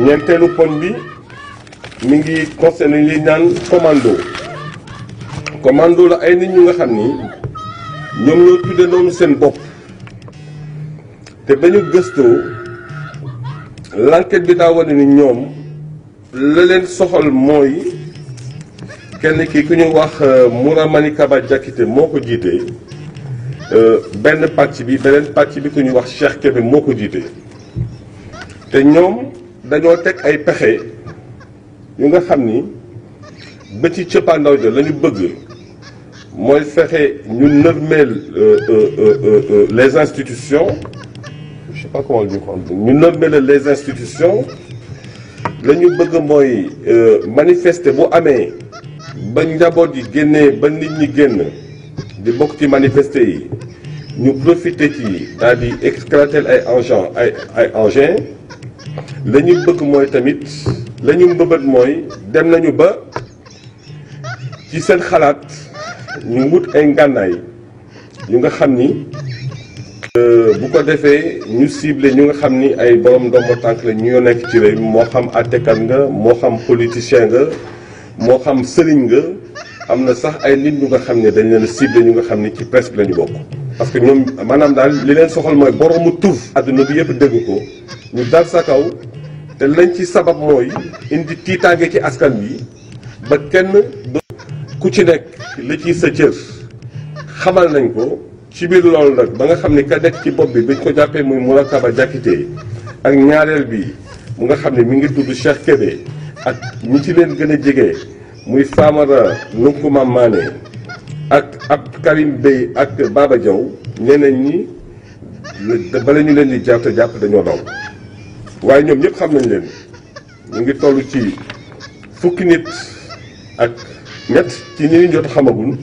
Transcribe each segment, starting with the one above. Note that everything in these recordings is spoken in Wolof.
ñeenteelu poñ bi mi ngi concerné li naan commando commando la ay nit ñu nga xam ni ñoom ñoo tudde noonu seen bopp te ba ñu gëstoo l'enquête bi daa wane ni ñoom la leen soxal mooy kenn ki ki ñu wax euh, Mouramani Kaba Diakité moo ko jiitee euh, benn pàcc bi beneen pàcc bi ku ñu wax Cheikh Kébé moo ko jiitee te ñoom dañoo teg ay pexe yu nga xam ni ba ci cëppaandaw ja la ñu bëgg mooy fexe ñu nërmeel euh, euh, euh, les institutions je sais pas comment ñu ko am ñu nërmeel les institutions la ñu bëgg mooy manifester bu amee ba njaboot yi génnee ba nit ñi génn di bokk ci manifester yi ñu profiter ci daal di excrater ay engins ay ay engins la ñu bëgg mooy tamit la ñu mbëbët mooy dem nañu ba ci seen xalaat ñu wut ay ngànnaay yu nga xam ni euh, bu ko defee ñu ciblé ñu nga xam ni ay borom ndombo tànk la ñu nekk ci réew mi moo xam àttekat nga moo xam politicien nga moo xam sëriñ nga am na sax ay nit ñu nga xam ne dañu leen a ciblé ñu nga xam ne ci presse lañu la bokk. parce que ñoom maanaam daal li leen soxal mooy boroomu tur. àdduna bi yëpp dégg ko ñu dal sa kaw te lañ ci sabab mooy indi tiitaange ci askan bi ba kenn ku ci nekk li ci sa cër xamal nañ ko ci biir loolu nag ba nga xam ne ka nekk ci bopp bi biñ ko jàppee muy Murakaba Diakité ak ñaareel bi mu nga xam ne mu ngi tudd Cheikh Kébé ak ñi ci leen gën a jege. muy Famara Numpuma Mané ak ab Karim Bey ak Baba Diaw ñeneen ñi bala ñu leen di jàpp jàpp dañoo daw waaye ñoom ñëpp xam nañ leen mu ngi tollu ci fukki nit ak ñett ci ñi ñu jot xamagul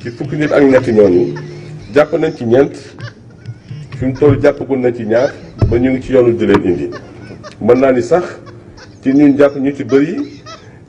ci fukki nit ak ñett ñooñu jàpp nañ ci ñeent fi mu toll jàppagul nañ ci ñaar ba ñu ngi ci yoonu di leen indi mën naa ni sax ci ñun jàpp ñu ci bëri.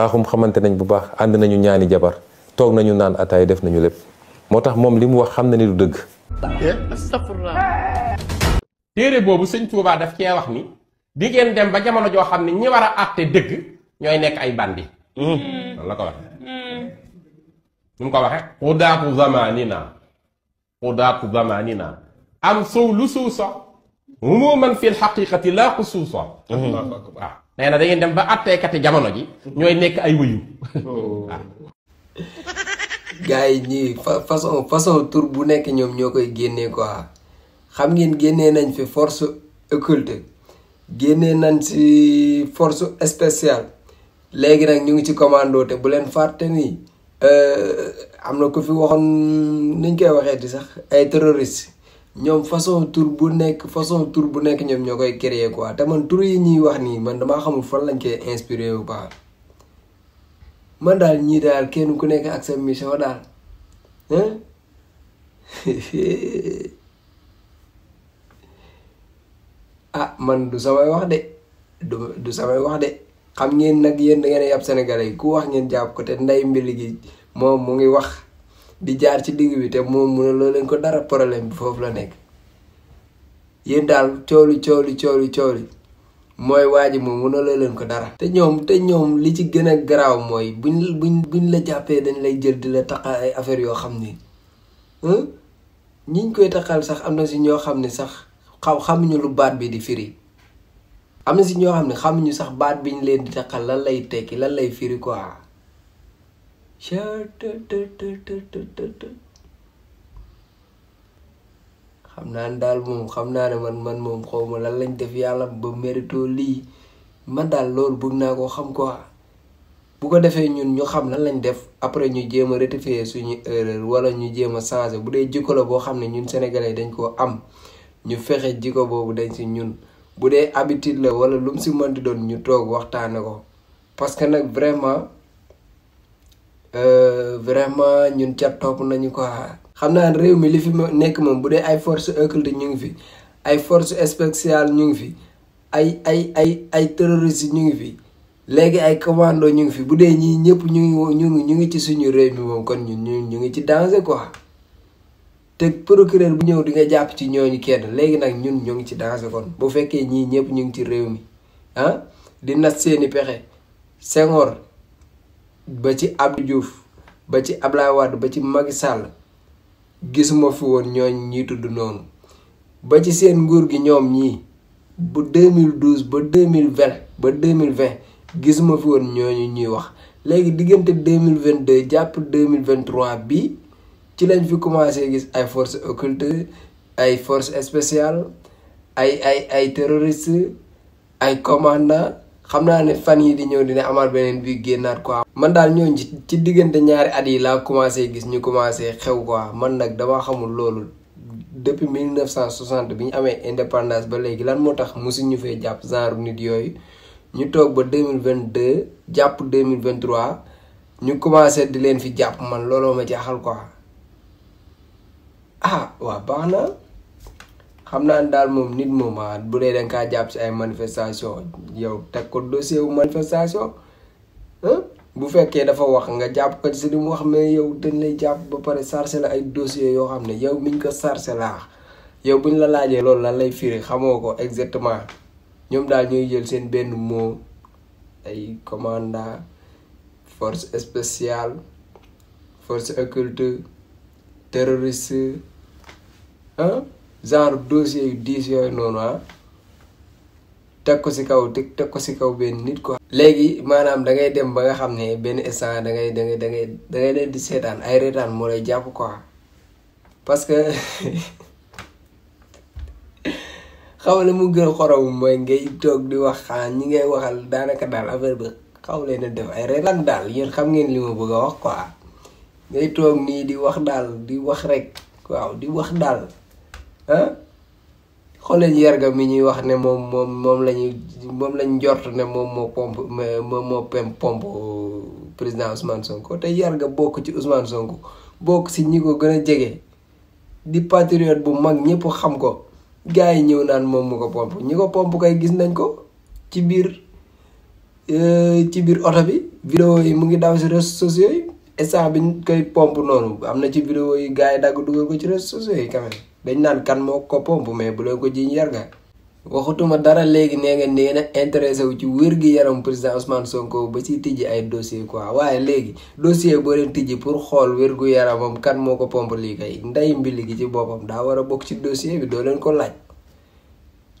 baxum xamanté nañ bu baax and nañu ñaani jabar tok nañu naan atay def nañu lepp motax mom limu wax xamna ni du astaghfirullah téré bobu señ Touba daf ci wax ni di ngeen dem ba jamono jo xamni ñi wara atté deug ñoy nekk ay bandi. hmm la ko wax hmm ñu ko waxe xudaatu zamanina xudaatu zamanina am sow lu suusa Umuman fi la laa hmm. allahu akbar nee na da ngeen dem ba àtteekati jamono ji. ñooy nekk ay wëyu. gars yi ñii façon façon tur bu nekk ñoom ñoo koy génnee quoi xam ngeen génnee nañ fi force occulte génnee nañ ci force spéciale léegi nag ñu ngi ci commando te bu leen fàtte nii euh, am na ku fi waxoon niñ koy waxee di sax ay terroriste ñom façon tour bu nek façon tour bu nek ñom ñoo créer quoi té man tour yi ñi wax ni man dama xamul fan lañ koy inspiré wu baax man dal ñi dal kenn ku nek ak sa mission hein ah man du way wax dé du du way wax dé xam ngeen nak yeen da ngeen yab sénégalais ku wax ngeen japp ko té nday mbili gi mom mu ngi wax di jaar ci digg bi te moom mu ne loo leen ko dara problème bi foofu la nekk yéen daal coow li coow li coow li mooy waa ji moom mu ne loo leen ko dara. te ñoom te ñoom li ci gën a garaaw mooy buñ buñ buñ la jàppee dañ lay jël di la taqa ay affaire yoo xam ni ñiñ koy taqal sax am na si ñoo xam ne sax xaw xamuñu lu baat bi di firi. am na si ñoo xam ne xamuñu sax baat biñ leen di taqal lan lay tekki lan lay firi quoi. xam naa ne daal moom xam naa ne man man moom xaw ma lan lañ def yàlla ba mérito lii man daal loolu bëgg naa ko xam ko bu ko defee ñun ñu xam lan lañ def après ñu jéem a rectifier suñu erreur wala ñu jéem a changer bu dee jikko la boo xam ne ñun sénégalais dañ koo am ñu fexe jikko boobu dañ si ñun bu dee habitude la wala lu mu si mënti doon ñu toog waxtaane ko parce nag vraiment. Ờ, vraiment ñun cat topp nañu ko xam naa réew mi li fi nekk moom bu dee ay force occulte ñu ngi fi ay force spéciale ñu ngi fi ay ay ay ay terroriste ñu ngi fi léegi ay commando ñu ngi fi bu dee ñii ñëpp ñu ngi ñu ngi ñu ngi ci suñu réew mi moom kon ñun ñu ngi ci danger quoi te procureur bu ñëw di nga jàpp ci ñooñu kenn léegi nag ñun ñu ngi ci danger kon bu fekkee ñii ñëpp ñu ngi ci réew mi ah di nas seeni pexe Senghor ba ci ab juuf ba ci Ablaye Wade ba ci Macky Sall gisuma fi woon ñooñ ñi tudd noonu ba ci seen nguur gi ñoom ñii bu 2012 ba 2020 ba 2020 gisuma fi woon ñooñu ñuy wax léegi diggante 2022 jàpp 2023 bi ci lañ fi commencé gis ay forces occultes ay forces spéciales ay ay ay terroristes ay commandants xam naa ne fan yi di ñëw dina amaat beneen bi génnaat quoi. man daal ñëw ñooñu ci diggante ñaari at yi laa commencé gis ñu commencé xew quoi man nag dama xamul loolu depuis mille neuf cent soixante bi ñu amee indépendance ba léegi lan moo tax mosuñu fee jàpp genre nit yooyu ñu toog ba deux mille vingt deux jàpp deux mille vingt ñu commencé di leen fi jàpp man looloo ma jaaxal quoi ah waa baax na. xam naa ne daal moom nit moom ah, bu dee da nga kaa jàpp si ay manifestation yow teg ko dossier wu manifestation bu fekkee dafa wax nga jàpp ko si li mu wax mais yow dañ lay jàpp ba pare chargé la ay dossier yoo xam ne yow miñ ko chargé laa yow buñ la laajee loolu lan lay firi xamoo ko exactement ñoom daal ñuy jël seen benn mot ay commandant force spéciale force occulte terroriste ah genre dossier yu diis yooyu noonu ah, teg ko si kaw teg ko si kaw benn nit ko léegi maanaam da ngay dem ba nga xam ne benn instant da ngay da dangay da leen di seetaan ay reetaan moo lay jàpp quoi parce que xaw la mu gën xorom mooy ngay toog di wax xanaa ah, ñi ngay waxal daanaka daal affaire ba xaw leen a def ay reetaan daal yéen xam ngeen li ma bëgg a wax quoi ngay toog nii di wax daal di wax rek waaw di wax daal. ah xool yarga mi ñuy wax ne moom moom moom lañuy moom lañ njort ne moom moo pomp moom moo pem pompe président Ousmane Sonko bokk ci Ousmane bokk si ñi ko gën a jege di patriote bu mag ñëpp xam ko gars yi ñëw naan moom mu ko pomp ñi ko pomp kay gis nañ ko ci biir euh, ci biir oto bi vidéo yi mu ngi daw si réseaux sociaux yi instant bi ñu koy pomp noonu am na ci vidéo yi gars yi dagg dugal ko ci réseaux sociaux yi quand dañ naan kan moo ko pomp mais bu leen ko jiñ yar nga waxutuma dara léegi nee nga nee na intéressé wu ci wér gi yaram président Ousmane Sonko ba si tijji ay dossier quoi waaye léegi dossier boo leen tijji pour xool wér gu yaramam kan moo ko pomp lii kay ndey mbili gi ci boppam daa war a bokk ci dossier bi doo leen ko laaj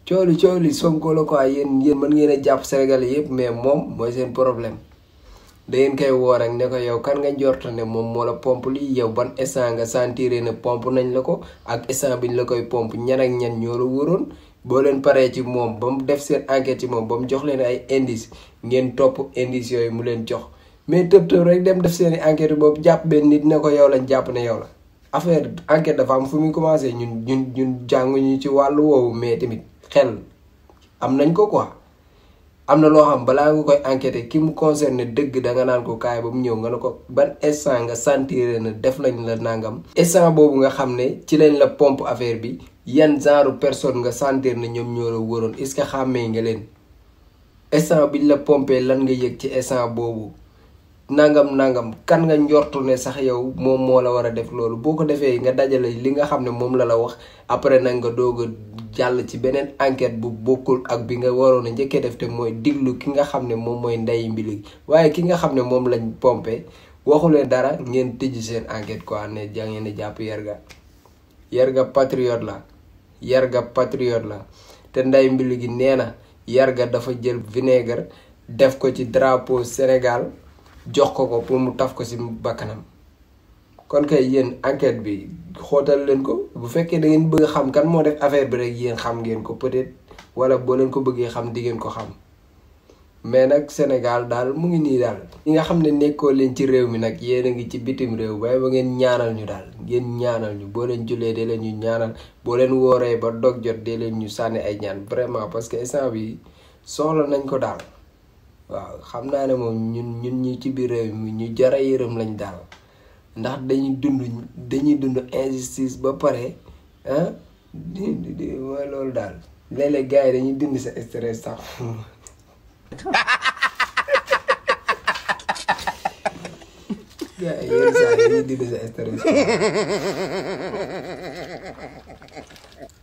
cooli cooli Sonko la quoi yéen yéen mën ngeen a jàpp Sénégal yëpp mais moom mooy seen problème da ngeen koy woo rek ne ko yow kan nga njort ne moom moo la pompe lii yow ban instant nga sentir ne pompe nañ la ko ak bi biñ la koy pompe ñan ak ñan ñoo la wóoroon boo leen paree ci moom ba mu def seen enquête ci moom ba mu jox leen ay indice ngeen topp indice yooyu mu leen jox mais tëb tëb rek dem def seen i enquête boobu jàpp benn nit ne ko yow lañ jàpp ne yow la. affaire enquête dafa am fu muy commencé ñun ñun ñun jànguñu ci wàllu woowu mais tamit xel am nañ ko quoi. am na loo xam balaa nga koy enquêter ki mu concerné dëgg da nga naan ko kaay ba mu ñëw nga ne ko ba instant nga sentir na def lañu la nangam. instant boobu nga xam ne ci lañ la pompe affaire bi yan genre personne nga sentir na ñoom ñoo la wóoroon est-ce que xàmmee nga leen instant biñ la pompé lan nga yëg ci instant boobu. nangam nangam kan nga njortu ne sax yow moom moo la war a def loolu boo ko defee nga dajale li nga xam ne moom la la wax après nag nga doog jàll ci beneen enquête bu bokkul ak bi nga waroon a njëkkee def te mooy diglu ki nga xam ne moom mooy nday mbili waaye ki nga xam ne moom lañ pompe waxulee dara ngeen tëj seen enquête quoi ne ja ngeen di jàpp yarga Yerga patriote la yarga patriote la te nday mbili gi nee na yarga dafa jël vinaigre def ko ci drapeau Sénégal jox ko ko pour mu taf ko ci bakkanam kon kay yéen enquête bi xóotal leen ko bu fekkee da ngeen bëgg xam kan moo def affaire bi rek yéen xam ngeen ko peut-être wala boo leen ko bëggee xam di ngeen ko xam mais nag Sénégal daal mu ngi nii daal. ñi nga xam ne nekkoo leen ci réew mi nag yéen a ngi ci bitim réew waaye ba ngeen ñaanal ñu daal ngeen ñaanal ñu boo leen jullee dee leen ñu ñaanal boo leen wooree ba dog jot dee leen ñu sànni ay ñaan vraiment parce que instant bi soxla nañ ko daal. waaw xam naa ne moom ñun ñun ñi ci biir réew mi ñu a yërëm lañ daal ndax dañuy dund dañuy dund injustice ba pare ah di di mooy loolu daal léeg-léeg gars yi dañuy dund sa stress sax yeah, yeah, yeah, yeah, yeah, yeah, yeah, yeah,